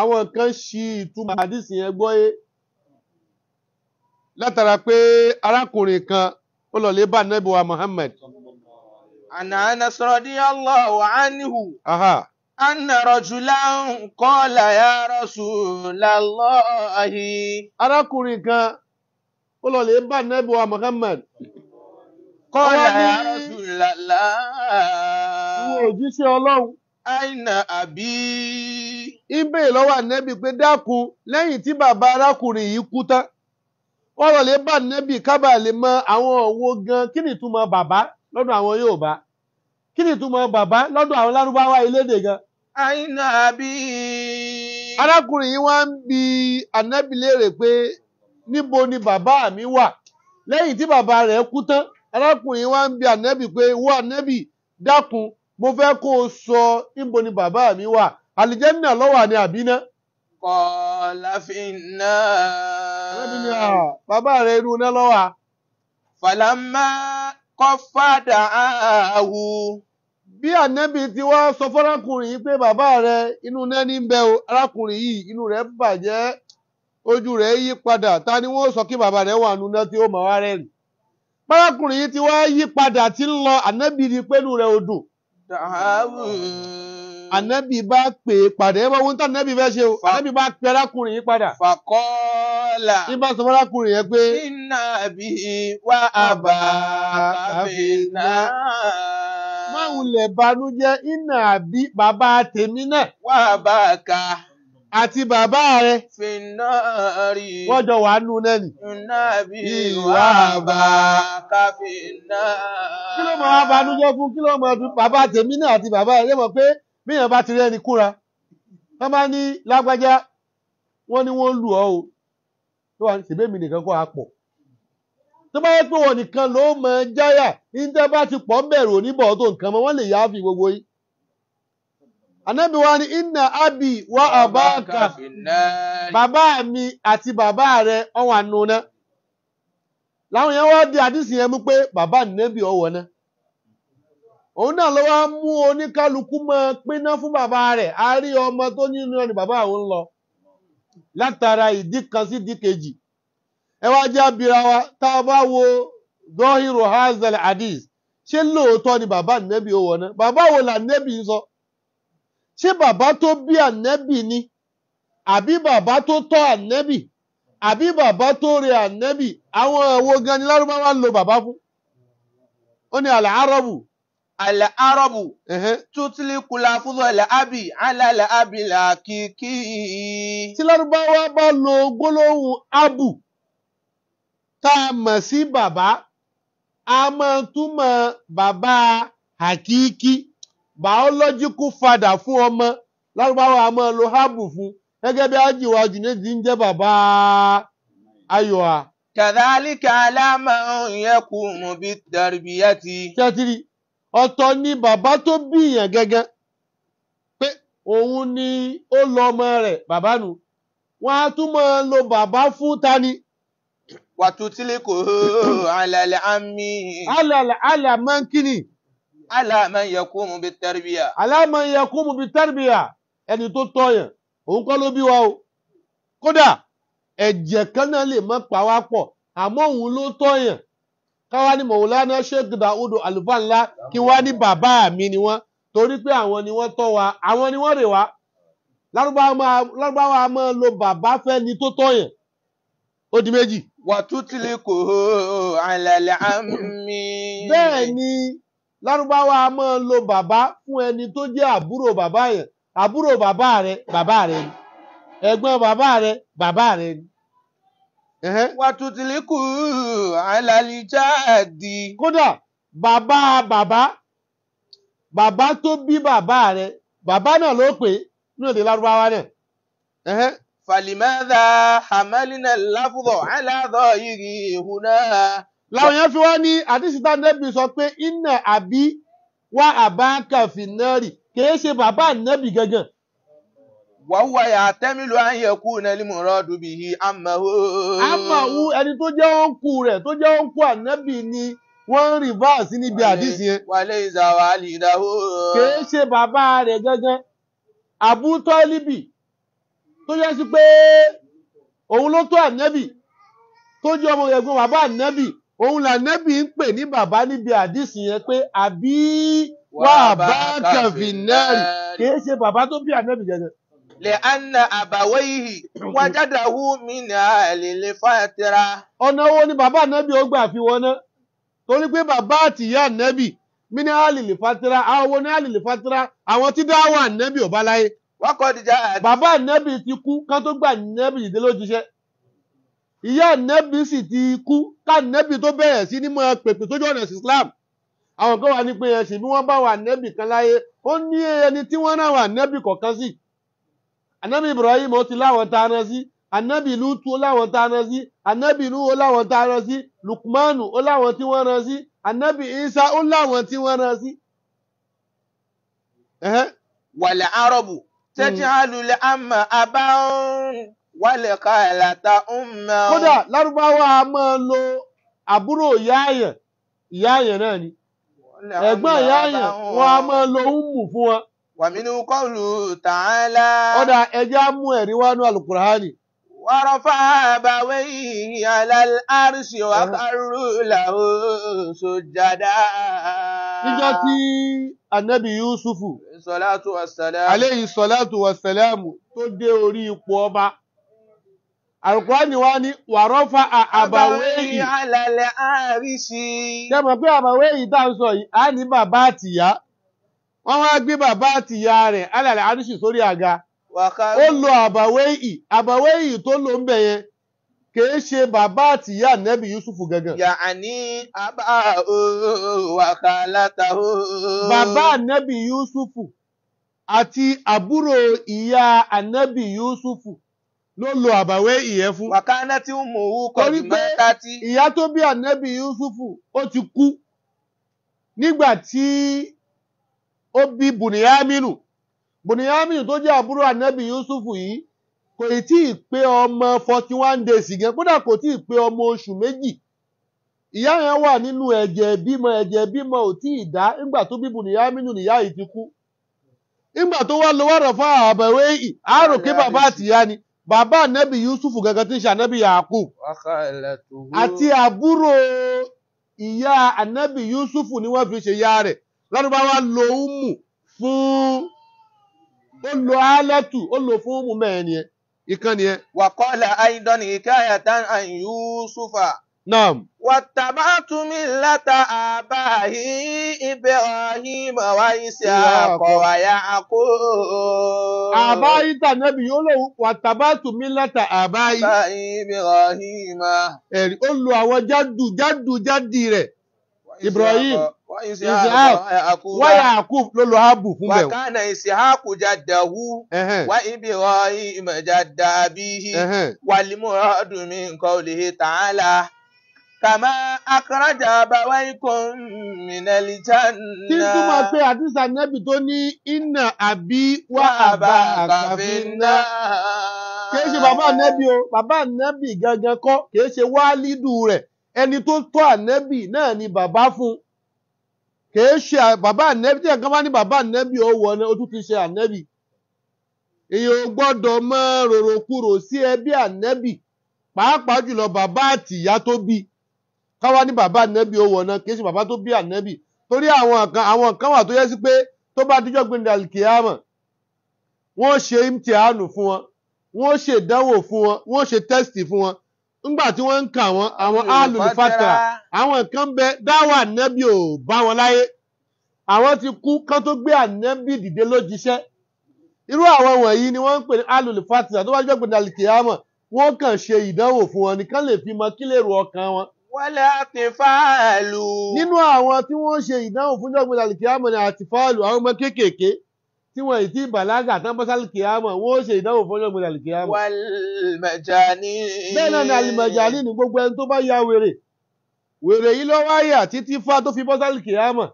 àwọn kan ṣì ìtumọ̀ àdìsí yẹn gbọ́yé látara pé arákùnrin kan ó lọ lè bá nẹ́bí wa Muhammad. Àná Anas radiyallahu anhu. Anna rajulan qala ya rasulallahi. Arákùnrin kan ó lọ lè bá nẹ́bí wa Muhammad. ya òjíṣẹ́ Ọlọ́run. aina àbí. ibè lọ́wọ́ ànẹ́bì pé dákun lẹ́yìn tí bàbá arákùnrin yìí kú tán wọ́n lè bá ànẹ́bì kábà lè mọ àwọn òwò gan kí ni ìtumọ̀ bàbá lọ́dọ̀ àwọn Yorùbá kí ni ìtumọ̀ bàbá lọ́dọ̀ àwọn lárúbáwá gan. aina àbí. arákùnrin yìí wá ń ni bàbá mi wà lẹ́yìn tí bàbá rẹ̀ kú tán arákùnrin wá ń bi pé mo fẹ́ kó sọ níbo ni mi wà àlìjẹ́nà nà. bàbá rẹ̀ inú iná lọ́wọ́. bí ti wá sọ yìí pé bàbá rẹ̀ inú ní bẹ o arákùnrin yìí inú rẹ̀ bàjẹ́ ojú rẹ̀ yí padà ta ni sọ kí bàbá wà tí ó wá ti ń lọ ànábì ni pẹ̀lú rẹ̀ odò. Ànábì bá pè é padà. Ẹ bá wọ́n tán ànábì fẹ́ ṣe o. Ànábì bá pe arákùnrin yìí padà. Fàkọ́ọ́là. Ní bá sọ fún arákùnrin yẹn pé. Iná àbí wá àbá kàfé náà. Máwùlẹ̀ banújẹ́ iná àbí bàbá tèmi náà. Wá àbá ká àti bàbá rẹ̀. Fìnnárì. Wọ́n jọ wà nù náà nì. Nàbí ìwà bá káfíńnárì. Kí ló mọ abanújẹ́ fún kí ló mọ bàbá tèmi náà àti bàbá rẹ̀ mọ̀ pé bíyàn bá ti rẹ́ni kúra. Wọ́n bá ní lágbájá, wọ́n ní wọ́n lù ọ́ o. Tó wà ní sèbémi nìkan kọ́ apọ̀. Tó bá yẹ pé wọn nìkan ló mọ jáyà, ní ti pọ̀ ń bẹ̀rù oníbọ̀ tó nǹkan mọ́, wọ́n lè yááfì gbogbo yìí. Ànábì wa ni inna abi wa abaka bàbá mi àti bàbá rẹ̀ ọ̀wà nùnà. Láwọn yẹn wá di àdísì yẹn mú pé bàbá nẹ́bì ọ̀wọ̀ náà. Òun náà ló mú oníkálukú máa píná fún bàbá rẹ̀. A rí ọmọ tó nínú ni bàbá òun lọ. Látara ìdí kan sí ìdí kejì. Ẹ wá jẹ́ abira wa tá a bá wo Dọ́hìrò Hazel Hadith. Ṣé lóòótọ́ ni bàbá nẹ́bì ọ̀wọ̀ náà? Bàbá wo là nẹ́bì sọ? So? ṣé bàbá tó bí ànẹ́bì ni àbí bàbá tó tọ́ ànẹ́bì àbí bàbá tó rẹ ànẹ́bì àwọn ẹ̀wọ̀ gan ni lárúbáwá ń lo bàbá fún ó ní àlà árọ́bù. àlà árọ́bù tútìlì kùlà fúnlọ ilẹ̀ ábì alálẹ̀ ábì làkìkì. tí lárúbáwá bá lo gbólóhùn ábù tá a mọ̀ sí bàbá a máa túmọ̀ bàbá àkìkí biological father fún ọmọ lárúbáwá a máa lo habu fún gẹ́gẹ́ bí ajiwa junaid ń jẹ́ bàbá ayọ̀a. kàdálíkà aláàmà yẹkùnmù bí dàrbíyàtì. ṣètìrì ọ̀tọ̀ ni bàbá tó bíyàn gẹ́gẹ́ pé òun ni ó lọ ọmọ rẹ̀ bàbá nu wọ́n á tún máa lo bàbá fún tani. wàtútílẹ̀ kò hó alàlẹ́ àmì. alàlẹ́ àlàmọ́ kínní ala man yakumu bi tarbiya. ala man yakumu bi tarbiya ẹni tó tọ́ yẹn òun kọ́ ló bí wa o kódà ẹ̀jẹ̀ kan náà lè má pa wá pọ̀ àmọ́ òun ló tọ́ yẹn káwá ní mọ̀wòlánà Sheikh Daudu Alufalla kí wá ní bàbá mi ni wọ́n torí pé àwọn ni wọ́n tọ́ wa àwọn ni wọ́n rè wá lárúbáwá máa lo bàbá fẹ́ ni tó tọ́ yẹn ó di méjì. wàtútìlẹ̀ kò hó àlàlẹ̀ àmì. bẹ́ẹ̀ ni lárúbáwá a máa lo bàbá fún ẹni tó jẹ́ àbúrò bàbá yẹn àbúrò bàbá rẹ bàbá rẹ ni ẹ̀gbọ́n bàbá rẹ bàbá rẹ ni. wàtútìlíkù alálìjáàdì. kódà bàbá bàbá bàbá tó bí bàbá rẹ bàbá náà ló pè é ní èdè lárúbáwá náà. فلماذا حملنا اللفظ على ظاهره هنا láwọn èèyàn fi wá ní àdìsítà nẹ́bì sọ pé iná àbí wá àbáǹkà fìnnárì kìí ṣe bàbá nẹ́bì gangan. wàhùwà yà tẹ́mílù ayẹ̀kú nẹ́límù rọ́ọ̀dù bí i amahu. amahu ẹni tó jẹ́ òǹkù rẹ̀ tó jẹ́ òǹkù ànẹ́bì ni wọ́n ń rìvásì níbi àdìsí yẹn. wàlẹ́ ìzàwà àlìdáwò. kìí ṣe bàbá rẹ̀ gangan Abu Tọ́líbì tó yẹ sí pé òun ló tó ànẹ́bì tó jẹ́ ọmọ ẹ̀gbọ́n bàbá ànẹ́bì òun lànẹ́bí ń pè ní bàbá níbi àdìsí yẹn pé àbí wà bá kàfì náà kì í ṣe bàbá tó bí ànẹ́bí jẹjẹ. lè anna àbàwẹ́yìí wájádàwú mi ní àlèlè fàtẹ́ra. ọ̀nà wo ni bàbá ànẹ́bí ó gbà fi wọná torí pé bàbá àtìyá ànẹ́bí mi ní àlèlè fàtẹ́ra àwọn wo ní àlèlè fàtẹ́ra àwọn tí dáwọ́ ànẹ́bí ò bá láyé. wọ́n kọ́ dìjà. bàbá ànẹ́bí ti kú kán gbà ànẹ́bí ìdílójúṣẹ́ ìyá ànẹ́bí sì ti kú kánẹ́bí tó bẹ̀rẹ̀ sí ní mọ́ pèpè sójú ọ̀nà Islam àwọn kan wà ní pé ẹ̀sìn bí wọ́n bá wà ànẹ́bí kan láyé ó ní ẹni tí wọ́n náà wà ànẹ́bí kọ̀ọ̀kan sí ànẹ́bí Ibrahim ó ti láwọn tá a rán sí ànẹ́bí Lutu ó láwọn tá a rán sí ànẹ́bí Nuhu ó láwọn tá a sí Lukmanu ó láwọn tí wọ́n rán sí ànẹ́bí Isa ó láwọn tí wọ́n rán sí. wàlẹ̀ arọ́bù tẹ́tí hàlùlẹ̀ àmà àbáwọn wálẹ̀ ká ẹ̀làta ń mọ. kódà lárúbáwá a máa lo àbúrò ìyá àyàn ìyá àyàn náà ni ẹ̀gbọ́n ìyá àyàn wọn a máa lo ummu fún wọn. wàmínú kọlù tààlà. kódà ẹjẹ́ á mú ẹ̀rí wá nú alukur'ani. wọ́rọ̀ fáàbà wẹ́yìn alárìsì wákàrú làwọn sojada. níjọ́ tí anabi yusufu. salatu wassalamu. aleyhi salatu wassalamu tó dé orí ipò ọba. Àlùkùránì wá ní wàrọ́fà àbàwé yìí. Àbàwé alàlẹ̀ àárí sí. Ṣé mọ̀ pé àbàwé yìí tá à ń sọ yìí, a ní bàbá àtìyá. Wọ́n wá gbé bàbá àtìyá rẹ̀ alàlẹ̀ àríṣì sórí àga. Ó lo àbàwé yìí. Àbàwé yìí tó lò ń bẹ̀ yẹn kìí ṣe bàbá àtìyá nẹ́bí Yusufu gangan. Yàní àbá wàkàlátà o. Bàbá nẹ́bí Yusufu àti àbúrò ìyá ànẹ́bí Yusufu. ló lo àbàwẹ́ ìyẹn fún. wàkánná tí ń mú owó kọjú máa tá ìyá tó bí ànábì yusufu ó ti kú nígbà tí ó bí bùnìyàmínú bùnìyàmínú tó jẹ́ àbúrò ànábì yusufu yìí kò tí ì pé ọmọ forty one days gan kódà kò tí ì pé ọmọ oṣù méjì ìyá yẹn wà nínú ẹ̀jẹ̀ bímọ ẹ̀jẹ̀ bímọ ò tí ì dá nígbà tó bí bùnìyàmínú nìyá yìí ti kú nígbà tó wá lọ wá rọ̀ fún àbẹ̀wé yìí bàbá àtìyá ni. bàbá ànábì Yusufu gẹ́gẹ́ tí ń ṣe ànábì Yakub àti àbúrò ìyá ànábì Yusuf ni wọ́n fi ṣe ya rẹ̀ lárúbáwá lo umu fún ó lo alẹ́tù ó lo fún umu mẹ́rin yẹn ìkànnì yẹn. wàkọ́lá àìdánì ìkáyà tán àìyúsùfà. Nam. Wàtàbátú millata àbáyé Ibrahim wa Ishaqa wa Ya'qub. Àbáyé tànẹ́bì yóò lò wàtàbátú millata àbáyé. Ibrahim. Ẹ̀rí ó lo àwọn jádù jádù jádì rẹ̀. Ibrahim. Ishaq wa Ya'qub ló lo Ábù fún bẹ̀rù. Wa kana Ishaq jaddahu. Wa Ibrahim jadda abihi. Wal muradu min qawlihi ta'ala kàmá akọ́rajà bàbá ikọ̀ mìnàlì jánà. kí n túmọ̀ pé àdìsá nẹ́bì tó ní iná àbí wà àbá àkàfin náà. kìí ṣe bàbá nẹ́bì o bàbá nẹ́bì gangan kọ́ kìí ṣe wálídù rẹ̀ ẹni tó tọ́ ànẹ́bì náà ni bàbá fún kìí ṣe bàbá ànẹ́bì tí ẹ̀kan bá ní bàbá ànẹ́bì ó wọ ọ tún ti ṣe ànẹ́bì èèyàn gbọ́dọ̀ mọ rorokuro sí ẹbí ànẹ́bì pàápàá jùlọ bàbá àtìyá tó bíi káwá ní bàbá ànẹ́bì ó wọ̀nà kì í ṣe bàbá tó bí ànẹ́bì torí àwọn kan àwọn kan wà tó yẹ sí pé tó bá díjọ́ gbẹ̀ndẹ̀ àlìkìyàmọ̀ wọ́n ṣe imtihanu fún wọn wọ́n ṣe ìdánwò fún wọn wọ́n ṣe tẹ́sítì fún wọn ńgbà tí wọ́n ń kà wọ́n àwọn alùfàtà àwọn kan bẹ dáwà ànẹ́bì ò bá wọn láyé àwọn ti kú kán tó gbé ànẹ́bì dìde lójíṣẹ́ irú àwọn wọ̀nyí ni wọ́n ń pè ní alùfàtà tó bá díjọ́ gbẹ̀ndẹ̀ àlìkìyàmọ̀ wọ́n kàn ṣe ìdánwò fún wọn nìkan lè fi mọ kílèrò ọkàn wọn Wọ́lẹ̀ àtìfáàlù. Nínú àwọn tí wọ́n ṣe ìdáhùn fún jọ́gbìn àlìkí àmọ̀ ni àtìfáàlù àwọn ọmọ kéékèèké tí wọ́n ìtí ìbàlágà tán bọ́ sálìkí àmọ̀ wọ́n ṣe ìdáhùn fún jọ́gbìn àlìkí àmọ̀. Wàlìmọ̀jání. Bẹ́ẹ̀ náà ni àlìmọ̀jání ni gbogbo ẹni tó bá ya wèrè. Wèrè yìí ló wáyà títí fá tó fi bọ́ sálìkí àmọ̀.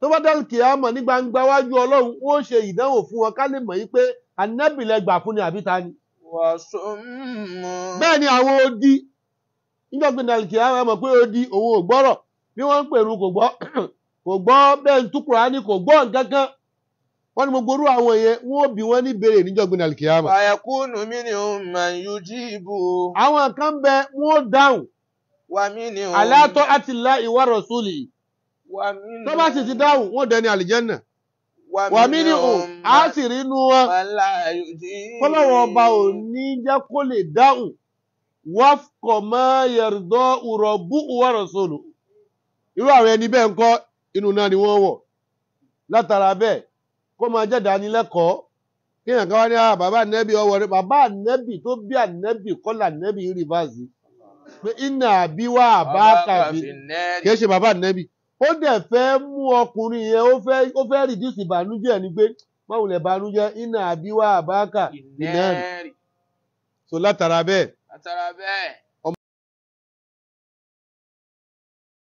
Tó bá dálìkí àmọ̀ ní gbangba wájú Ọlọ́run wọ́n ṣe ìdáhùn fún wọn ká lè mọ̀ yí pé ànábìlẹ̀ gbà fún ni àbí ta ni. Wàásù mú. Bẹ́ẹ̀ ni àwọn odi nígbà gbẹ̀dàlìkì àwọn ẹ̀ di òun ò bí wọ́n ń pèrú kò gbọ́ kò gbọ́ bẹ́ẹ̀ ń tú Kùránì ní gbogbo orú wọ́n bí ń bẹ wọn dáhùn. wà mí ni ó. alátọ́ àti la ìwà rọ̀súlì. wà mí ni ó. tọ́ba sì ti wọ́n dẹni àlìjẹ́nà. ọba ò ní wafqọ ma yardọ ụrọ bụ irú àwọn ẹni bẹ́ẹ̀ ń kọ́ inú náà ni wọ́n wọ̀ látara bẹ́ẹ̀ kó máa jẹ́ kọma kí èèyàn wá ní ah bàbá nnebi ọwọ́ rẹ bàbá ànẹ́bì tó bí ànẹ́bì kọ́là ànẹ́bì rìvásì pé iná àbí wá àbá nke ṣe bàbá ànẹ́bì ó dẹ̀ fẹ́ mú ọkùnrin yẹn ó fẹ́ ìbànújẹ́ pé iná so látara bẹ́ẹ̀ That's all right, man.